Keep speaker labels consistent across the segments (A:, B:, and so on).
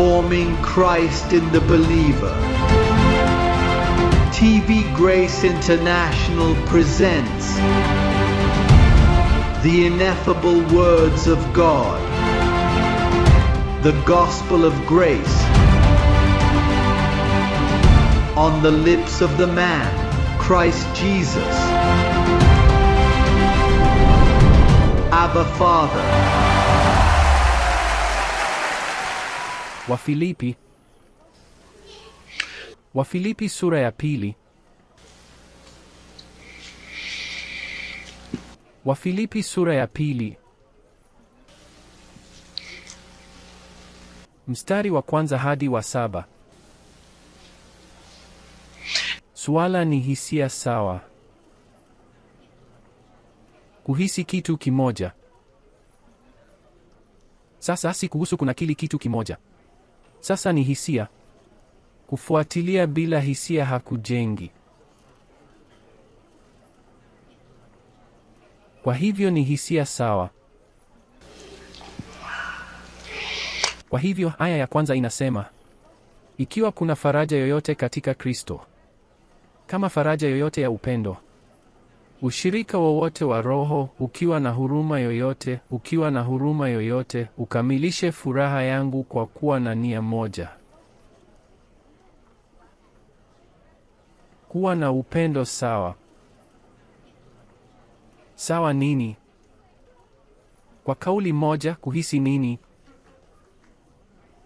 A: forming Christ in the believer. TV Grace International presents the ineffable words of God, the gospel of grace on the lips of the man, Christ Jesus. Abba Father.
B: Wafilipi. Wafilipi sura ya pili. Wafilipi sura ya pili mstari wa kwanza hadi wa saba. Suala ni hisia sawa, kuhisi kitu kimoja. Sasa si kuhusu kili kitu kimoja. Sasa ni hisia. Kufuatilia bila hisia hakujengi. Kwa hivyo ni hisia sawa. Kwa hivyo aya ya kwanza inasema, ikiwa kuna faraja yoyote katika Kristo, kama faraja yoyote ya upendo Ushirika wowote wa roho, ukiwa na huruma yoyote, ukiwa na huruma yoyote, ukamilishe furaha yangu kwa kuwa na nia moja. Kuwa na upendo sawa. Sawa nini? Kwa kauli moja, kuhisi nini?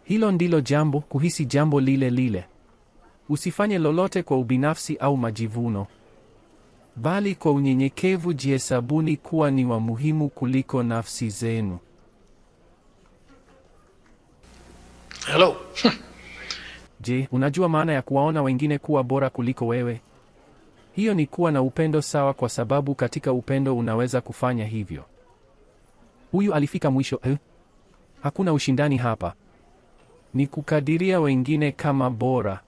B: Hilo ndilo jambo, kuhisi jambo lile lile. Usifanye lolote kwa ubinafsi au majivuno bali kwa unyenyekevu jihesabuni kuwa ni wa muhimu kuliko nafsi zenu.
C: Hello. Je, unajua maana ya kuwaona wengine kuwa bora kuliko wewe? Hiyo ni kuwa na upendo sawa, kwa sababu katika upendo unaweza kufanya hivyo. Huyu alifika mwisho eh? Hakuna ushindani hapa. Ni kukadiria wengine kama bora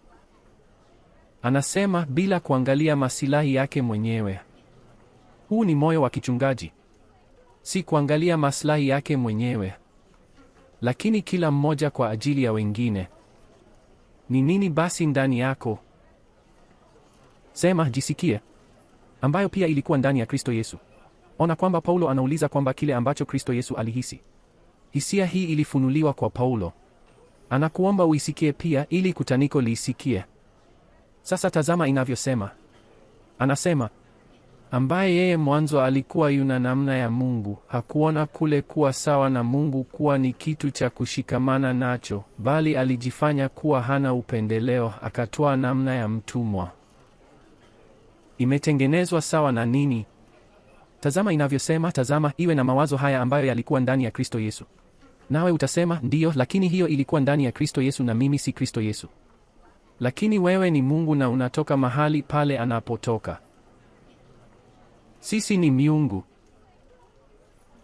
C: anasema bila kuangalia masilahi yake mwenyewe. Huu ni moyo wa kichungaji, si kuangalia maslahi yake mwenyewe, lakini kila mmoja kwa ajili ya wengine. Ni nini basi ndani yako? Sema jisikie, ambayo pia ilikuwa ndani ya Kristo Yesu. Ona kwamba Paulo anauliza kwamba kile ambacho Kristo Yesu alihisi. Hisia hii ilifunuliwa kwa Paulo. Anakuomba uisikie pia ili kutaniko liisikie. Sasa tazama inavyosema. Anasema ambaye yeye mwanzo alikuwa yuna namna ya Mungu, hakuona kule kuwa sawa na Mungu kuwa ni kitu cha kushikamana nacho, bali alijifanya kuwa hana upendeleo, akatoa namna ya mtumwa. Imetengenezwa sawa na nini? Tazama inavyosema, tazama iwe na mawazo haya ambayo yalikuwa ndani ya Kristo Yesu. Nawe utasema ndiyo, lakini hiyo ilikuwa ndani ya Kristo Yesu na mimi si Kristo Yesu. Lakini wewe ni Mungu na unatoka mahali pale anapotoka. Sisi ni miungu.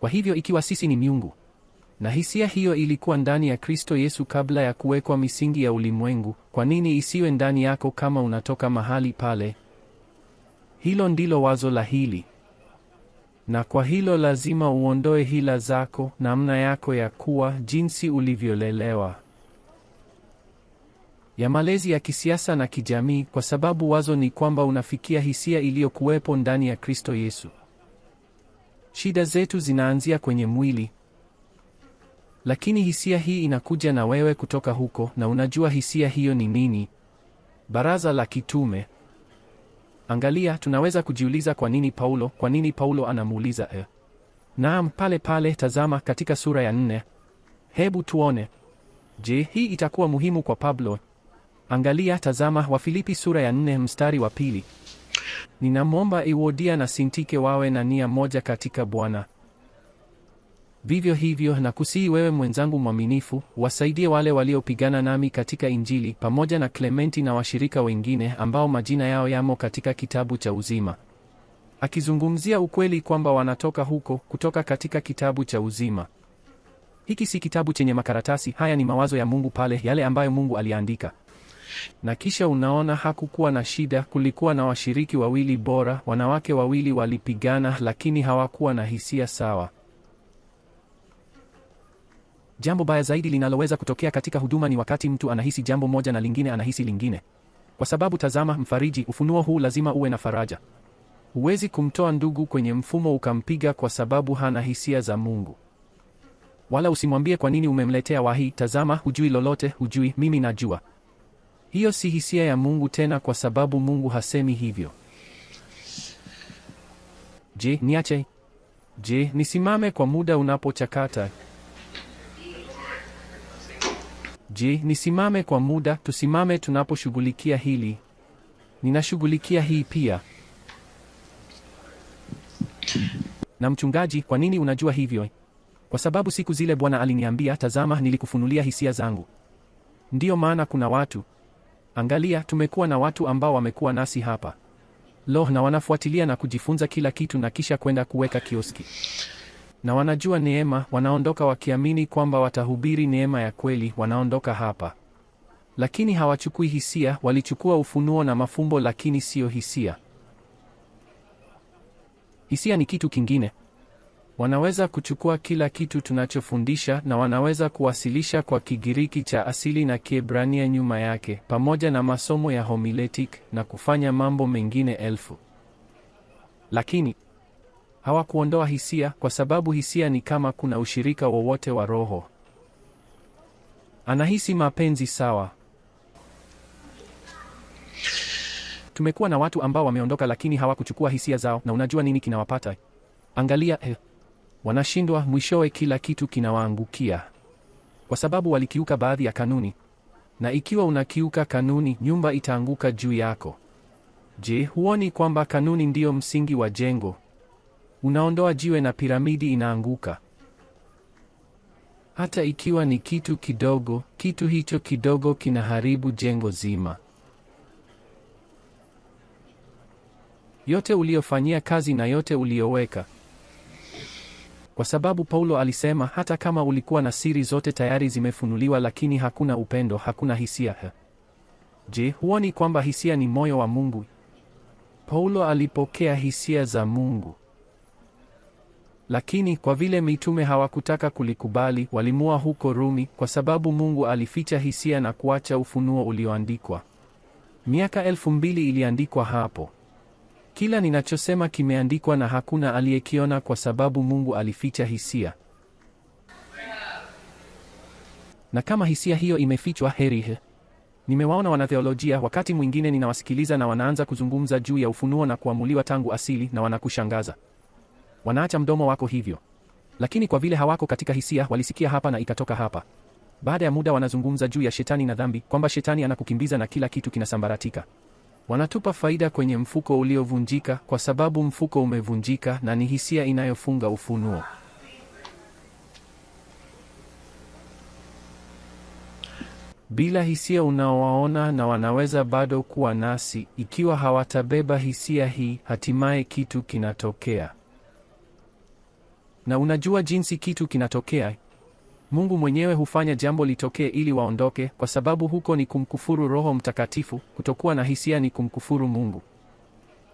C: Kwa hivyo ikiwa sisi ni miungu, na hisia hiyo ilikuwa ndani ya Kristo Yesu kabla ya kuwekwa misingi ya ulimwengu, kwa nini isiwe ndani yako kama unatoka mahali pale? Hilo ndilo wazo la hili. Na kwa hilo lazima uondoe hila zako, namna yako ya kuwa, jinsi ulivyolelewa ya malezi ya kisiasa na kijamii, kwa sababu wazo ni kwamba unafikia hisia iliyokuwepo ndani ya Kristo Yesu. Shida zetu zinaanzia kwenye mwili, lakini hisia hii inakuja na wewe kutoka huko, na unajua hisia hiyo ni nini? Baraza la kitume. Angalia, tunaweza kujiuliza kwa nini Paulo, kwa nini Paulo anamuuliza e? Naam, pale pale, tazama katika sura ya nne. Hebu tuone, je, hii itakuwa muhimu kwa Pablo? Angalia, tazama Wafilipi sura ya nne mstari wa pili. Ninamwomba iwodia na Sintike wawe na nia moja katika Bwana. Vivyo hivyo nakusihi wewe mwenzangu mwaminifu, wasaidie wale waliopigana nami katika Injili, pamoja na Klementi na washirika wengine ambao majina yao yamo katika kitabu cha uzima. Akizungumzia ukweli kwamba wanatoka huko, kutoka katika kitabu cha uzima. Hiki si kitabu chenye makaratasi, haya ni mawazo ya Mungu pale, yale ambayo Mungu aliandika. Na kisha unaona, hakukuwa na shida. Kulikuwa na washiriki wawili bora, wanawake wawili walipigana, lakini hawakuwa na hisia sawa. Jambo baya zaidi linaloweza kutokea katika huduma ni wakati mtu anahisi jambo moja na lingine anahisi lingine, kwa sababu tazama, mfariji, ufunuo huu lazima uwe na faraja. Huwezi kumtoa ndugu kwenye mfumo ukampiga kwa sababu hana hisia za Mungu, wala usimwambie kwa nini umemletea wahi. Tazama, hujui lolote, hujui, mimi najua. Hiyo si hisia ya Mungu tena, kwa sababu Mungu hasemi hivyo. Je, niache? Je, nisimame kwa muda unapochakata? Je, nisimame kwa muda? Tusimame tunaposhughulikia hili. Ninashughulikia hii pia. Na mchungaji, kwa nini unajua hivyo? Kwa sababu siku zile Bwana aliniambia, tazama, nilikufunulia hisia zangu. Ndiyo maana kuna watu Angalia, tumekuwa na watu ambao wamekuwa nasi hapa lo, na wanafuatilia na kujifunza kila kitu na kisha kwenda kuweka kioski na wanajua neema, wanaondoka wakiamini kwamba watahubiri neema ya kweli, wanaondoka hapa. Lakini hawachukui hisia, walichukua ufunuo na mafumbo, lakini siyo hisia. Hisia ni kitu kingine. Wanaweza kuchukua kila kitu tunachofundisha na wanaweza kuwasilisha kwa Kigiriki cha asili na Kiebrania nyuma yake, pamoja na masomo ya homiletic na kufanya mambo mengine elfu. Lakini hawakuondoa hisia, kwa sababu hisia ni kama kuna ushirika wowote wa roho. Anahisi mapenzi sawa. Tumekuwa na watu ambao wameondoka, lakini hawakuchukua hisia zao, na unajua nini kinawapata? Angalia eh wanashindwa, mwishowe kila kitu kinawaangukia kwa sababu walikiuka baadhi ya kanuni. Na ikiwa unakiuka kanuni, nyumba itaanguka juu yako. Je, huoni kwamba kanuni ndiyo msingi wa jengo? Unaondoa jiwe na piramidi inaanguka. Hata ikiwa ni kitu kidogo, kitu hicho kidogo kinaharibu jengo zima. Yote uliyofanyia kazi na yote uliyoweka kwa sababu Paulo alisema hata kama ulikuwa na siri zote tayari zimefunuliwa, lakini hakuna upendo, hakuna hisia. Je, huoni kwamba hisia ni moyo wa Mungu? Paulo alipokea hisia za Mungu, lakini kwa vile mitume hawakutaka kulikubali, walimua huko Rumi, kwa sababu Mungu alificha hisia na kuacha ufunuo ulioandikwa. Miaka elfu mbili iliandikwa hapo. Kila ninachosema kimeandikwa na hakuna aliyekiona kwa sababu Mungu alificha hisia. Na kama hisia hiyo imefichwa heri he. Nimewaona wanatheolojia wakati mwingine ninawasikiliza na wanaanza kuzungumza juu ya ufunuo na kuamuliwa tangu asili na wanakushangaza. Wanaacha mdomo wako hivyo. Lakini kwa vile hawako katika hisia walisikia hapa na ikatoka hapa. Baada ya muda wanazungumza juu ya shetani na dhambi, kwamba shetani anakukimbiza na kila kitu kinasambaratika wanatupa faida kwenye mfuko uliovunjika, kwa sababu mfuko umevunjika, na ni hisia inayofunga ufunuo. Bila hisia unaowaona na wanaweza bado kuwa nasi, ikiwa hawatabeba hisia hii, hatimaye kitu kinatokea. Na unajua jinsi kitu kinatokea? Mungu mwenyewe hufanya jambo litokee ili waondoke, kwa sababu huko ni kumkufuru Roho Mtakatifu. Kutokuwa na hisia ni kumkufuru Mungu,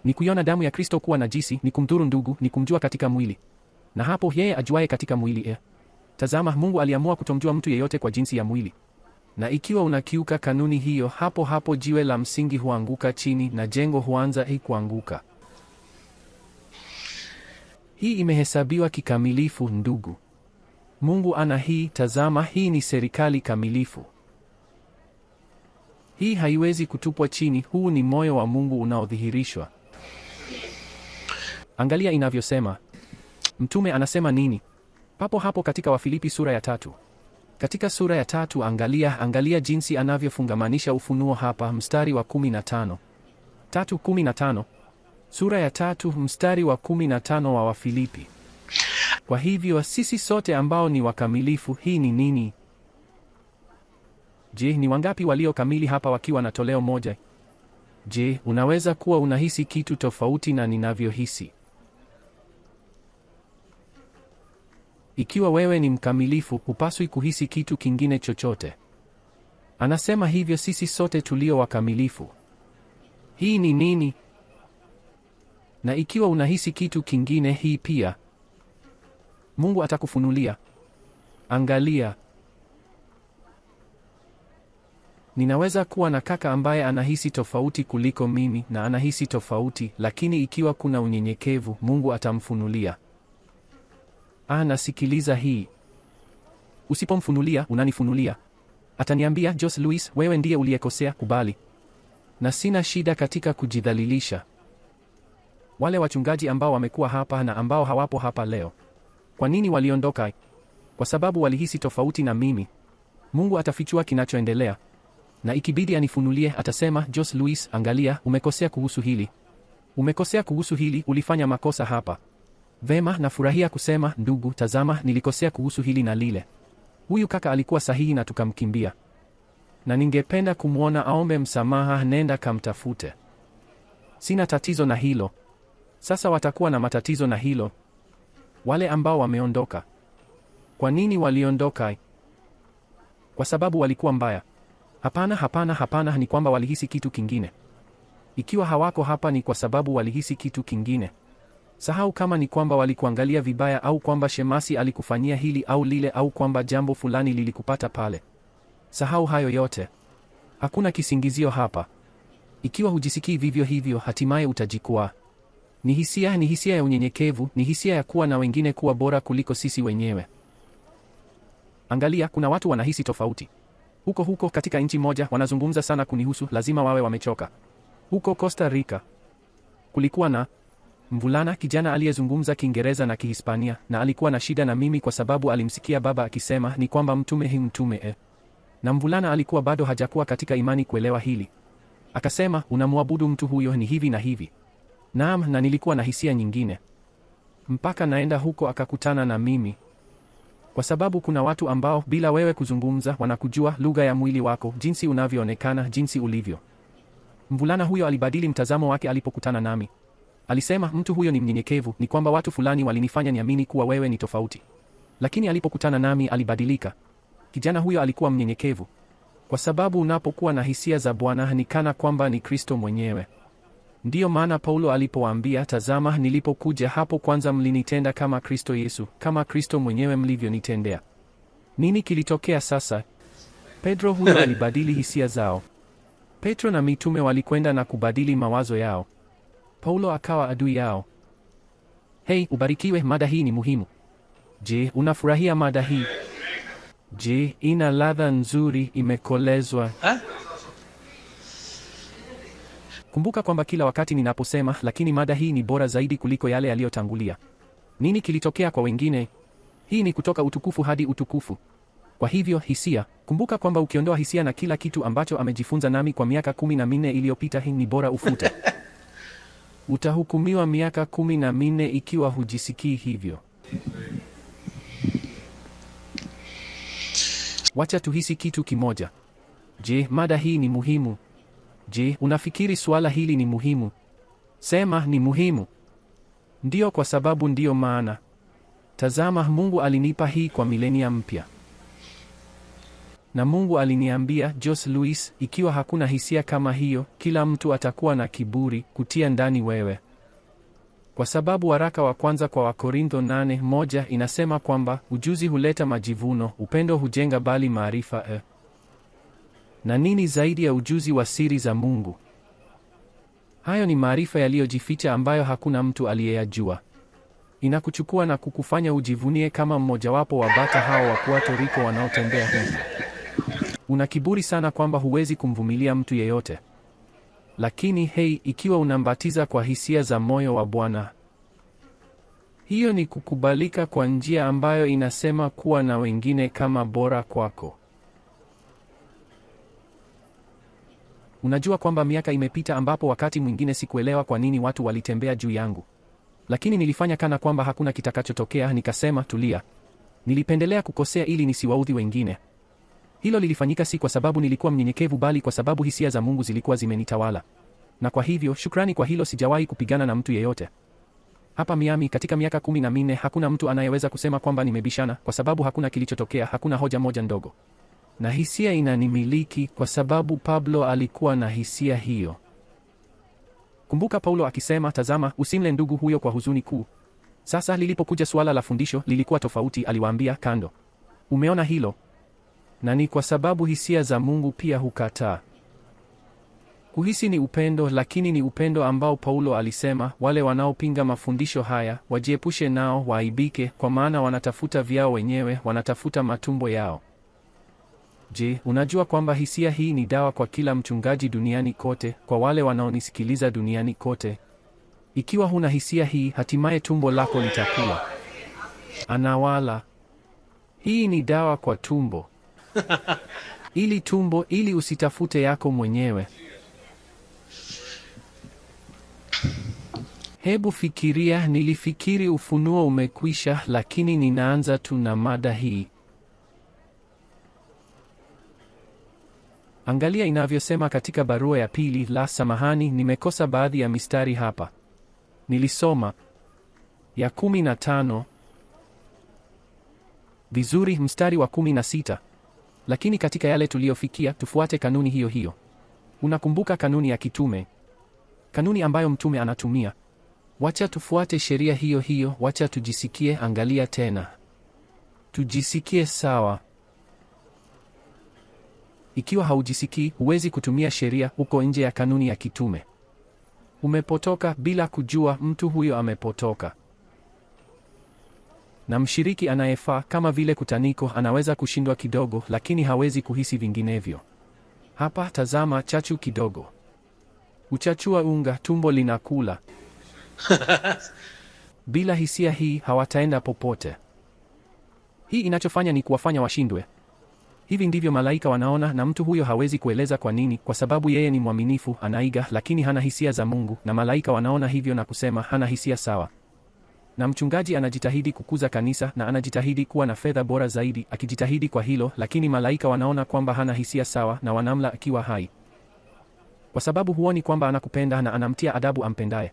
C: ni kuiona damu ya Kristo kuwa najisi, ni kumdhuru ndugu, ni kumjua katika mwili, na hapo yeye ajuaye katika mwili ya. Eh. Tazama, Mungu aliamua kutomjua mtu yeyote kwa jinsi ya mwili, na ikiwa unakiuka kanuni hiyo, hapo hapo jiwe la msingi huanguka chini na jengo huanza hii kuanguka. Hii imehesabiwa kikamilifu, ndugu. Mungu ana hii, tazama, hii ni serikali kamilifu. Hii haiwezi kutupwa chini. Huu ni moyo wa Mungu unaodhihirishwa. Angalia inavyosema. Mtume anasema nini? Papo hapo katika Wafilipi sura ya tatu. Katika sura ya tatu angalia, angalia jinsi anavyofungamanisha ufunuo hapa, mstari wa 15. 3:15. Sura ya tatu mstari wa 15 wa Wafilipi. Kwa hivyo sisi sote ambao ni wakamilifu, hii ni nini? Je, ni wangapi walio kamili hapa wakiwa na toleo moja? Je, unaweza kuwa unahisi kitu tofauti na ninavyohisi? Ikiwa wewe ni mkamilifu, hupaswi kuhisi kitu kingine chochote. Anasema hivyo sisi sote tulio wakamilifu. Hii ni nini? Na ikiwa unahisi kitu kingine, hii pia Mungu atakufunulia. Angalia, ninaweza kuwa na kaka ambaye anahisi tofauti kuliko mimi na anahisi tofauti, lakini ikiwa kuna unyenyekevu, Mungu atamfunulia. Ah, nasikiliza hii. Usipomfunulia, unanifunulia. Ataniambia, Jose Luis, wewe ndiye uliyekosea, kubali. Na sina shida katika kujidhalilisha. Wale wachungaji ambao wamekuwa hapa na ambao hawapo hapa leo kwa nini waliondoka? Kwa sababu walihisi tofauti na mimi. Mungu atafichua kinachoendelea, na ikibidi anifunulie, atasema jos Luis, angalia, umekosea kuhusu hili, umekosea kuhusu hili, ulifanya makosa hapa. Vema, nafurahia kusema ndugu, tazama, nilikosea kuhusu hili na lile. Huyu kaka alikuwa sahihi na tukamkimbia, na ningependa kumwona aombe msamaha. Nenda kamtafute, sina tatizo na hilo. Sasa watakuwa na matatizo na hilo wale ambao wameondoka. Kwa nini waliondoka? Kwa sababu walikuwa mbaya? Hapana, hapana, hapana, ni kwamba walihisi kitu kingine. Ikiwa hawako hapa, ni kwa sababu walihisi kitu kingine. Sahau kama ni kwamba walikuangalia vibaya au kwamba shemasi alikufanyia hili au lile au kwamba jambo fulani lilikupata pale. Sahau hayo yote. Hakuna kisingizio hapa. Ikiwa hujisikii vivyo hivyo, hatimaye utajikwaa. Ni hisia, ni hisia ya unyenyekevu, ni hisia ya kuwa na wengine kuwa bora kuliko sisi wenyewe. Angalia, kuna watu wanahisi tofauti. Huko huko katika nchi moja wanazungumza sana kunihusu, lazima wawe wamechoka. Huko Costa Rica kulikuwa na mvulana kijana aliyezungumza Kiingereza na Kihispania na alikuwa na shida na mimi kwa sababu alimsikia baba akisema ni kwamba mtume hi mtume e. Na mvulana alikuwa bado hajakuwa katika imani kuelewa hili. Akasema, unamwabudu mtu huyo ni hivi na hivi. Naam, na nilikuwa na hisia nyingine mpaka naenda huko akakutana na mimi, kwa sababu kuna watu ambao bila wewe kuzungumza wanakujua lugha ya mwili wako, jinsi unavyoonekana, jinsi ulivyo. Mvulana huyo alibadili mtazamo wake alipokutana nami. Alisema mtu huyo ni mnyenyekevu, ni kwamba watu fulani walinifanya niamini kuwa wewe ni tofauti, lakini alipokutana nami alibadilika. Kijana huyo alikuwa mnyenyekevu, kwa sababu unapokuwa na hisia za Bwana ni kana kwamba ni Kristo mwenyewe. Ndiyo maana Paulo alipowaambia, tazama, nilipokuja hapo kwanza mlinitenda kama Kristo Yesu, kama Kristo mwenyewe mlivyonitendea. Nini kilitokea sasa? Pedro huyo alibadili hisia zao. Petro na mitume walikwenda na kubadili mawazo yao. Paulo akawa adui yao. Hei, ubarikiwe. Mada hii ni muhimu. Je, unafurahia mada hii? Je, ina ladha nzuri, imekolezwa ha? Ah? Kumbuka kwamba kila wakati ninaposema lakini mada hii ni bora zaidi kuliko yale yaliyotangulia. Nini kilitokea kwa wengine? Hii ni kutoka utukufu hadi utukufu. Kwa hivyo hisia, kumbuka kwamba ukiondoa hisia na kila kitu ambacho amejifunza nami kwa miaka kumi na minne iliyopita, hii ni bora ufuta. Utahukumiwa miaka kumi na minne ikiwa hujisikii hivyo. Wacha tuhisi kitu kimoja. Je, mada hii ni muhimu? Je, unafikiri suala hili ni muhimu? Sema ni muhimu. Ndiyo, kwa sababu ndiyo maana. Tazama, Mungu alinipa hii kwa milenia mpya. Na Mungu aliniambia Jose Luis, ikiwa hakuna hisia kama hiyo, kila mtu atakuwa na kiburi kutia ndani wewe, kwa sababu waraka wa kwanza kwa Wakorintho 8:1 inasema kwamba ujuzi huleta majivuno, upendo hujenga, bali maarifa eh. Na nini zaidi ya ujuzi wa siri za Mungu? Hayo ni maarifa yaliyojificha ambayo hakuna mtu aliyeyajua. Inakuchukua na kukufanya ujivunie kama mmojawapo wa bata hao wa Puerto Rico wanaotembea hivi. Una kiburi sana kwamba huwezi kumvumilia mtu yeyote. Lakini hei, ikiwa unambatiza kwa hisia za moyo wa Bwana, hiyo ni kukubalika kwa njia ambayo inasema kuwa na wengine kama bora kwako. Unajua kwamba miaka imepita ambapo wakati mwingine sikuelewa kwa nini watu walitembea juu yangu, lakini nilifanya kana kwamba hakuna kitakachotokea. Nikasema tulia, nilipendelea kukosea ili nisiwaudhi wengine. Hilo lilifanyika si kwa sababu nilikuwa mnyenyekevu, bali kwa sababu hisia za Mungu zilikuwa zimenitawala, na kwa hivyo shukrani kwa hilo, sijawahi kupigana na mtu yeyote hapa Miami katika miaka kumi na minne. Hakuna mtu anayeweza kusema kwamba nimebishana, kwa sababu hakuna kilichotokea, hakuna hoja moja ndogo na hisia inanimiliki kwa sababu Pablo alikuwa na hisia hiyo. Kumbuka Paulo akisema, tazama, usimle ndugu huyo kwa huzuni kuu. Sasa lilipokuja suala la fundisho lilikuwa tofauti, aliwaambia kando. Umeona hilo? Na ni kwa sababu hisia za Mungu pia hukataa. Kuhisi ni upendo, lakini ni upendo ambao Paulo alisema wale wanaopinga mafundisho haya wajiepushe nao, waaibike, kwa maana wanatafuta vyao wenyewe, wanatafuta matumbo yao. Je, unajua kwamba hisia hii ni dawa kwa kila mchungaji duniani kote, kwa wale wanaonisikiliza duniani kote? Ikiwa huna hisia hii, hatimaye tumbo lako litakula. Anawala. Hii ni dawa kwa tumbo. Ili tumbo, ili usitafute yako mwenyewe. Hebu fikiria, nilifikiri ufunuo umekwisha, lakini ninaanza tu na mada hii. Angalia inavyosema katika barua ya pili, la samahani, nimekosa baadhi ya mistari hapa. Nilisoma ya kumi na tano vizuri, mstari wa kumi na sita lakini katika yale tuliyofikia, tufuate kanuni hiyo hiyo. Unakumbuka kanuni ya kitume, kanuni ambayo mtume anatumia. Wacha tufuate sheria hiyo hiyo, wacha tujisikie. Angalia tena, tujisikie sawa. Ikiwa haujisikii, huwezi kutumia sheria, uko nje ya kanuni ya kitume. Umepotoka bila kujua, mtu huyo amepotoka. Na mshiriki anayefaa kama vile kutaniko anaweza kushindwa kidogo, lakini hawezi kuhisi vinginevyo. Hapa tazama, chachu kidogo, uchachua unga, tumbo linakula. Bila hisia hii hawataenda popote. Hii inachofanya ni kuwafanya washindwe. Hivi ndivyo malaika wanaona, na mtu huyo hawezi kueleza kwa nini, kwa sababu yeye ni mwaminifu, anaiga, lakini hana hisia za Mungu, na malaika wanaona hivyo na kusema hana hisia sawa. Na mchungaji anajitahidi kukuza kanisa na anajitahidi kuwa na fedha bora zaidi, akijitahidi kwa hilo, lakini malaika wanaona kwamba hana hisia sawa na wanamla akiwa hai, kwa sababu huoni kwamba anakupenda na anamtia adabu ampendaye,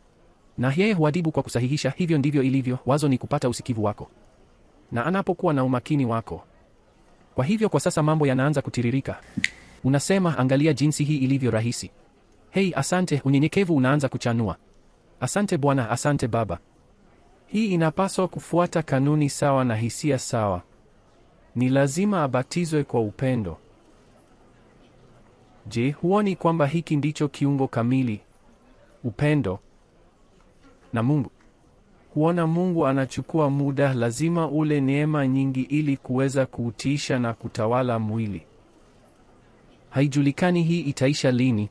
C: na yeye huadibu kwa kusahihisha. Hivyo ndivyo ilivyo, wazo ni kupata usikivu wako, na anapokuwa na umakini wako kwa hivyo kwa sasa mambo yanaanza kutiririka. Unasema, angalia jinsi hii ilivyo rahisi. Hei, asante. Unyenyekevu unaanza kuchanua. Asante Bwana, asante Baba. Hii inapaswa kufuata kanuni sawa na hisia sawa. Ni lazima abatizwe kwa upendo. Je, huoni kwamba hiki ndicho kiungo kamili, upendo na Mungu? kuona Mungu anachukua muda, lazima ule neema nyingi ili kuweza kuutiisha na kutawala mwili. Haijulikani hii itaisha lini.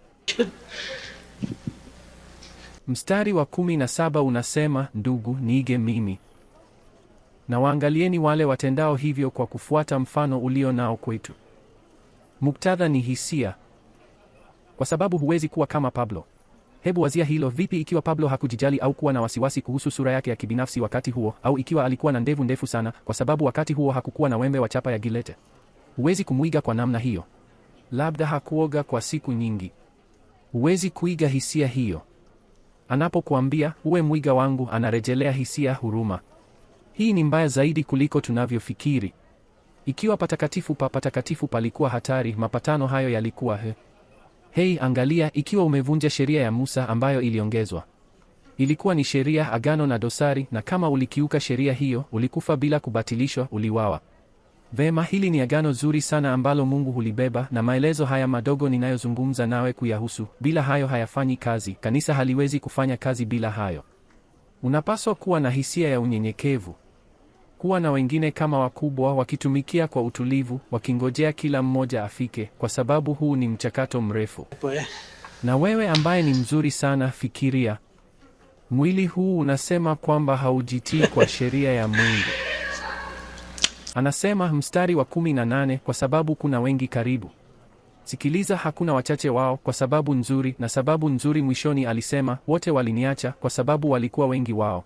C: Mstari wa kumi na saba unasema, ndugu, niige mimi na waangalieni wale watendao hivyo kwa kufuata mfano ulio nao kwetu. Muktadha ni hisia, kwa sababu huwezi kuwa kama Pablo. Hebu wazia hilo. Vipi ikiwa Pablo hakujijali au kuwa na wasiwasi kuhusu sura yake ya kibinafsi wakati huo, au ikiwa alikuwa na ndevu ndefu sana, kwa sababu wakati huo hakukuwa na wembe wa chapa ya gilete? Huwezi kumwiga kwa namna hiyo. Labda hakuoga kwa siku nyingi. Huwezi kuiga hisia hiyo. Anapokuambia uwe mwiga wangu, anarejelea hisia huruma. Hii ni mbaya zaidi kuliko tunavyofikiri. Ikiwa patakatifu pa patakatifu palikuwa hatari, mapatano hayo yalikuwa he Hei, angalia, ikiwa umevunja sheria ya Musa ambayo iliongezwa, ilikuwa ni sheria, agano na dosari, na kama ulikiuka sheria hiyo, ulikufa bila kubatilishwa, uliwawa. Vema, hili ni agano zuri sana ambalo Mungu hulibeba, na maelezo haya madogo ninayozungumza nawe kuyahusu, bila hayo hayafanyi kazi. Kanisa haliwezi kufanya kazi bila hayo. Unapaswa kuwa na hisia ya unyenyekevu kuwa na wengine kama wakubwa, wakitumikia kwa utulivu, wakingojea kila mmoja afike, kwa sababu huu ni mchakato mrefu. Na wewe ambaye ni mzuri sana, fikiria, mwili huu unasema kwamba haujitii kwa sheria ya Mungu. Anasema mstari wa kumi na nane, kwa sababu kuna wengi karibu Sikiliza, hakuna wachache wao, kwa sababu nzuri na sababu nzuri. Mwishoni alisema wote waliniacha, kwa sababu walikuwa wengi wao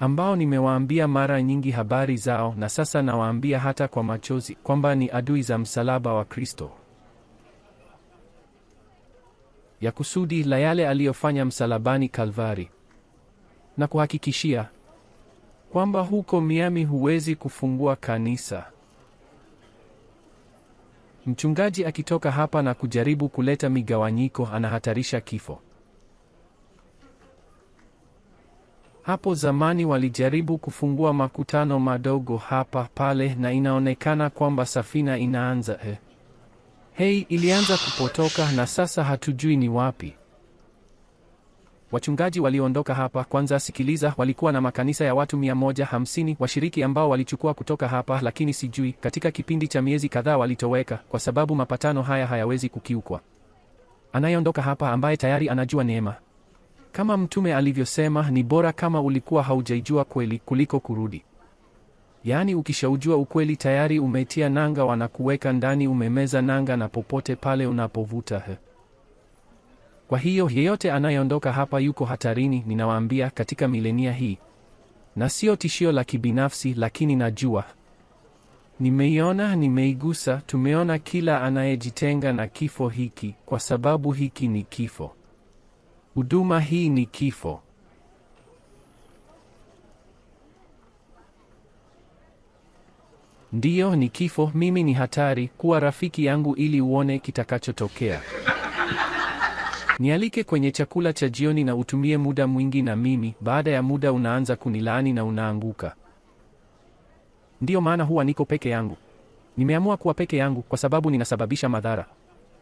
C: ambao nimewaambia mara nyingi habari zao, na sasa nawaambia hata kwa machozi kwamba ni adui za msalaba wa Kristo, ya kusudi la yale aliyofanya msalabani Kalvari. Na kuhakikishia kwamba huko Miami huwezi kufungua kanisa. Mchungaji akitoka hapa na kujaribu kuleta migawanyiko, anahatarisha kifo. Hapo zamani walijaribu kufungua makutano madogo hapa pale, na inaonekana kwamba safina inaanza he. Eh. Hei, ilianza kupotoka na sasa hatujui ni wapi. Wachungaji waliondoka hapa kwanza. Sikiliza, walikuwa na makanisa ya watu 150 washiriki ambao walichukua kutoka hapa, lakini sijui, katika kipindi cha miezi kadhaa walitoweka, kwa sababu mapatano haya hayawezi kukiukwa. Anayeondoka hapa ambaye tayari anajua neema kama mtume alivyosema, ni bora kama ulikuwa haujaijua kweli kuliko kurudi. Yaani, ukishaujua ukweli tayari umetia nanga, wanakuweka ndani, umemeza nanga na popote pale unapovuta he. Kwa hiyo yeyote anayeondoka hapa yuko hatarini, ninawaambia katika milenia hii, na sio tishio la kibinafsi, lakini najua nimeiona, nimeigusa. Tumeona kila anayejitenga na kifo hiki, kwa sababu hiki ni kifo. Huduma hii ni kifo. Ndiyo, ni kifo. Mimi ni hatari. Kuwa rafiki yangu ili uone kitakachotokea. Nialike kwenye chakula cha jioni na utumie muda mwingi na mimi. Baada ya muda unaanza kunilaani na unaanguka. Ndiyo maana huwa niko peke yangu. Nimeamua kuwa peke yangu kwa sababu ninasababisha madhara.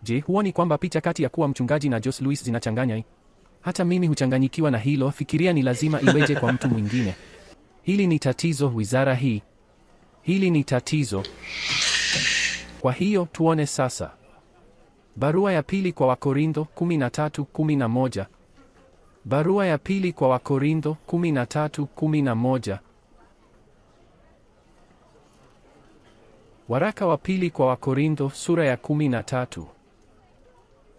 C: Je, huoni kwamba picha kati ya kuwa mchungaji na Jose Luis zinachanganya? Hata mimi huchanganyikiwa na hilo, fikiria ni lazima iweje kwa mtu mwingine. Hili ni tatizo, wizara hii. Hili ni tatizo. Kwa hiyo tuone sasa. Barua ya pili kwa Wakorintho 13:11. Barua ya pili kwa Wakorintho 13:11. Waraka wa pili kwa Wakorintho sura ya 13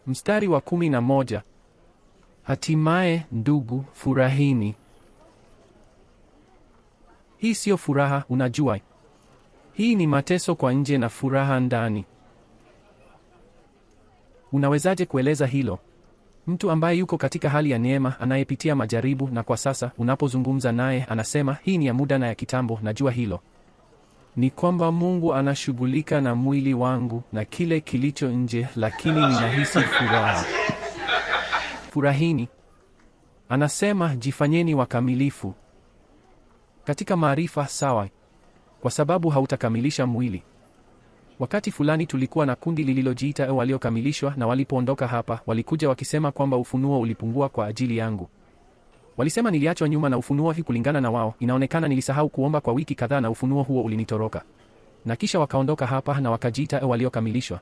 C: mstari wa 11. Hatimaye ndugu, furahini. Hii siyo furaha, unajua. Hii ni mateso kwa nje na furaha ndani. Unawezaje kueleza hilo? Mtu ambaye yuko katika hali ya neema, anayepitia majaribu, na kwa sasa unapozungumza naye anasema hii ni ya muda na ya kitambo, najua hilo. Ni kwamba Mungu anashughulika na mwili wangu na kile kilicho nje, lakini ninahisi furaha. Furahini. Anasema jifanyeni wakamilifu katika maarifa sawa, kwa sababu hautakamilisha mwili. Wakati fulani tulikuwa na kundi lililojiita waliokamilishwa, na walipoondoka hapa walikuja wakisema kwamba ufunuo ulipungua kwa ajili yangu. Walisema niliachwa nyuma na ufunuo hii. Kulingana na wao, inaonekana nilisahau kuomba kwa wiki kadhaa na ufunuo huo ulinitoroka, na kisha wakaondoka hapa na wakajiita waliokamilishwa.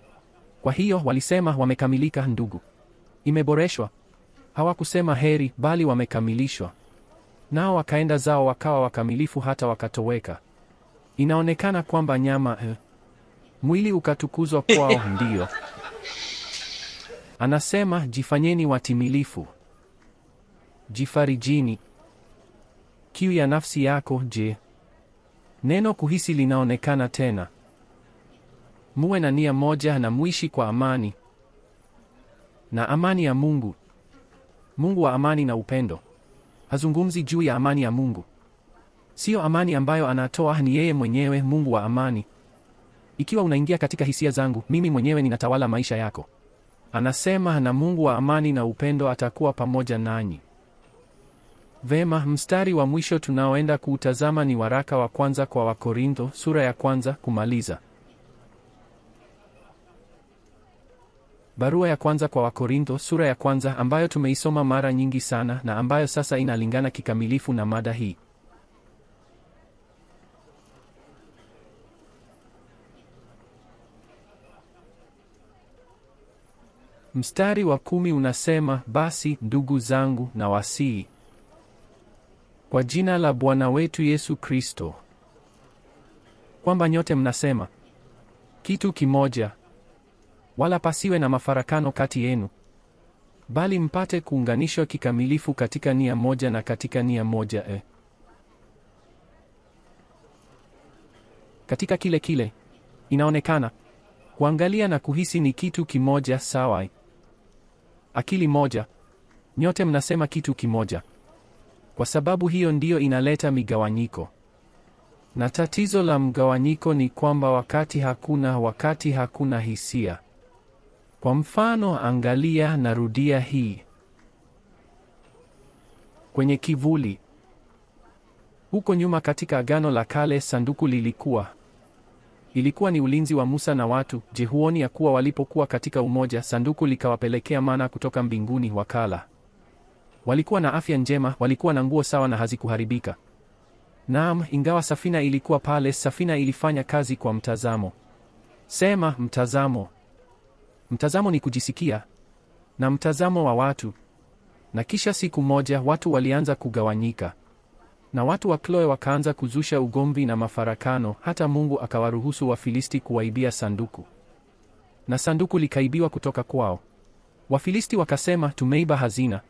C: Kwa hiyo walisema wamekamilika, ndugu, imeboreshwa. Hawakusema heri, bali wamekamilishwa. Nao wakaenda zao wakawa wakamilifu hata wakatoweka. Inaonekana kwamba nyama eh, mwili ukatukuzwa kwao. Ndiyo, anasema jifanyeni watimilifu, jifarijini. Kiu ya nafsi yako je? Neno kuhisi linaonekana tena. Muwe na nia moja na muishi kwa amani na amani ya Mungu Mungu wa amani na upendo. Hazungumzi juu ya amani ya Mungu. Siyo amani ambayo anatoa, ni yeye mwenyewe, Mungu wa amani. Ikiwa unaingia katika hisia zangu, mimi mwenyewe ninatawala maisha yako. Anasema, na Mungu wa amani na upendo atakuwa pamoja nanyi. Vema, mstari wa mwisho tunaoenda kuutazama ni waraka wa kwanza kwa Wakorintho sura ya kwanza kumaliza. Barua ya kwanza kwa Wakorintho sura ya kwanza ambayo tumeisoma mara nyingi sana na ambayo sasa inalingana kikamilifu na mada hii. Mstari wa kumi unasema, basi ndugu zangu na wasii kwa jina la Bwana wetu Yesu Kristo, kwamba nyote mnasema kitu kimoja wala pasiwe na mafarakano kati yenu, bali mpate kuunganishwa kikamilifu katika nia moja na katika nia moja e, katika kile kile inaonekana kuangalia na kuhisi ni kitu kimoja sawa, eh. akili moja, nyote mnasema kitu kimoja, kwa sababu hiyo ndiyo inaleta migawanyiko. Na tatizo la mgawanyiko ni kwamba wakati hakuna wakati hakuna hisia kwa mfano, angalia, narudia hii kwenye kivuli. Huko nyuma katika Agano la Kale, sanduku lilikuwa ilikuwa ni ulinzi wa Musa na watu. Je, huoni ya kuwa walipokuwa katika umoja, sanduku likawapelekea mana kutoka mbinguni wakala? Walikuwa na afya njema, walikuwa na nguo sawa na hazikuharibika. Naam, ingawa safina ilikuwa pale, safina ilifanya kazi kwa mtazamo. Sema mtazamo. Mtazamo ni kujisikia na mtazamo wa watu. Na kisha siku moja watu walianza kugawanyika, na watu wa Kloe wakaanza kuzusha ugomvi na mafarakano, hata Mungu akawaruhusu Wafilisti kuwaibia sanduku, na sanduku likaibiwa kutoka kwao. Wafilisti wakasema, tumeiba hazina.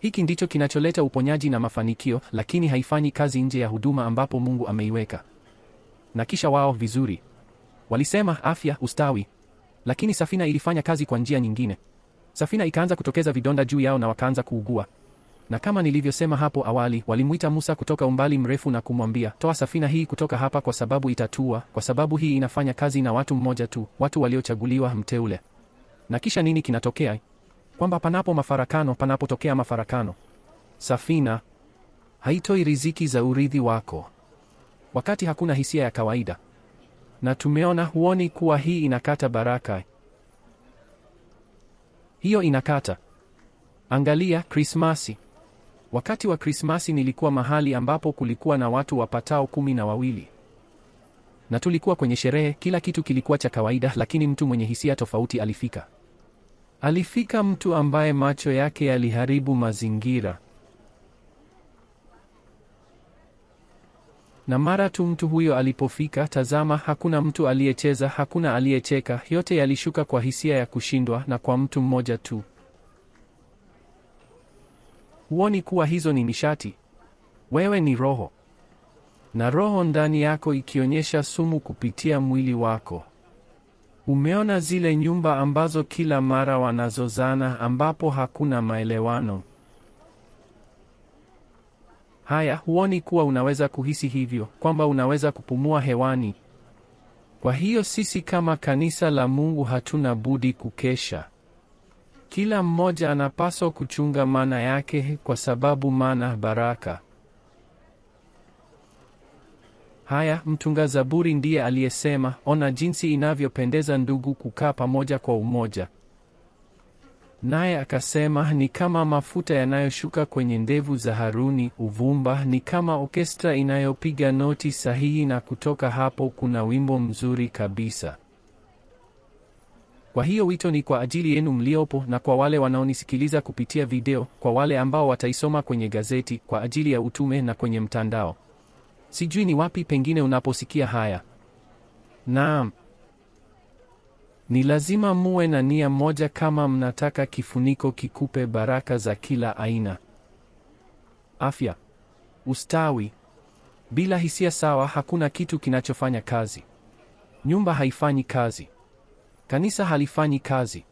C: Hiki ndicho kinacholeta uponyaji na mafanikio, lakini haifanyi kazi nje ya huduma ambapo Mungu ameiweka. Na kisha wao vizuri walisema afya, ustawi lakini safina ilifanya kazi kwa njia nyingine. Safina ikaanza kutokeza vidonda juu yao na wakaanza kuugua. Na kama nilivyosema hapo awali, walimwita Musa kutoka umbali mrefu na kumwambia, toa safina hii kutoka hapa, kwa sababu itatua, kwa sababu hii inafanya kazi na watu mmoja tu, watu waliochaguliwa, mteule. Na kisha nini kinatokea? Kwamba panapo mafarakano, panapotokea mafarakano, safina haitoi riziki za urithi wako, wakati hakuna hisia ya kawaida na tumeona huoni kuwa hii inakata baraka? Hiyo inakata. Angalia Krismasi. Wakati wa Krismasi nilikuwa mahali ambapo kulikuwa na watu wapatao kumi na wawili na tulikuwa kwenye sherehe. Kila kitu kilikuwa cha kawaida, lakini mtu mwenye hisia tofauti alifika. Alifika mtu ambaye macho yake yaliharibu mazingira. Na mara tu mtu huyo alipofika, tazama, hakuna mtu aliyecheza, hakuna aliyecheka, yote yalishuka kwa hisia ya kushindwa na kwa mtu mmoja tu. Huoni kuwa hizo ni nishati? Wewe ni roho, na roho ndani yako ikionyesha sumu kupitia mwili wako. Umeona zile nyumba ambazo kila mara wanazozana, ambapo hakuna maelewano. Haya, huoni kuwa unaweza kuhisi hivyo, kwamba unaweza kupumua hewani? Kwa hiyo sisi kama kanisa la Mungu hatuna budi kukesha. Kila mmoja anapaswa kuchunga mana yake, kwa sababu mana baraka. Haya, mtunga Zaburi ndiye aliyesema, ona jinsi inavyopendeza ndugu kukaa pamoja kwa umoja. Naye akasema ni kama mafuta yanayoshuka kwenye ndevu za Haruni, uvumba ni kama okestra inayopiga noti sahihi, na kutoka hapo kuna wimbo mzuri kabisa. Kwa hiyo wito ni kwa ajili yenu mliopo, na kwa wale wanaonisikiliza kupitia video, kwa wale ambao wataisoma kwenye gazeti, kwa ajili ya utume na kwenye mtandao. Sijui ni wapi pengine unaposikia haya. Naam. Ni lazima muwe na nia moja kama mnataka kifuniko kikupe baraka za kila aina. Afya, ustawi. Bila hisia sawa, hakuna kitu kinachofanya kazi. Nyumba haifanyi kazi, kanisa halifanyi kazi,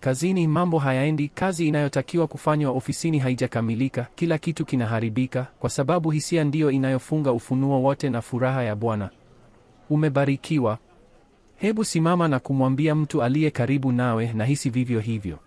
C: kazini mambo hayaendi. Kazi inayotakiwa kufanywa ofisini haijakamilika, kila kitu kinaharibika, kwa sababu hisia ndiyo inayofunga ufunuo wote na furaha ya Bwana. Umebarikiwa. Hebu simama na kumwambia mtu aliye karibu nawe, nahisi vivyo hivyo.